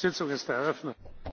sitzung ist eröffnet.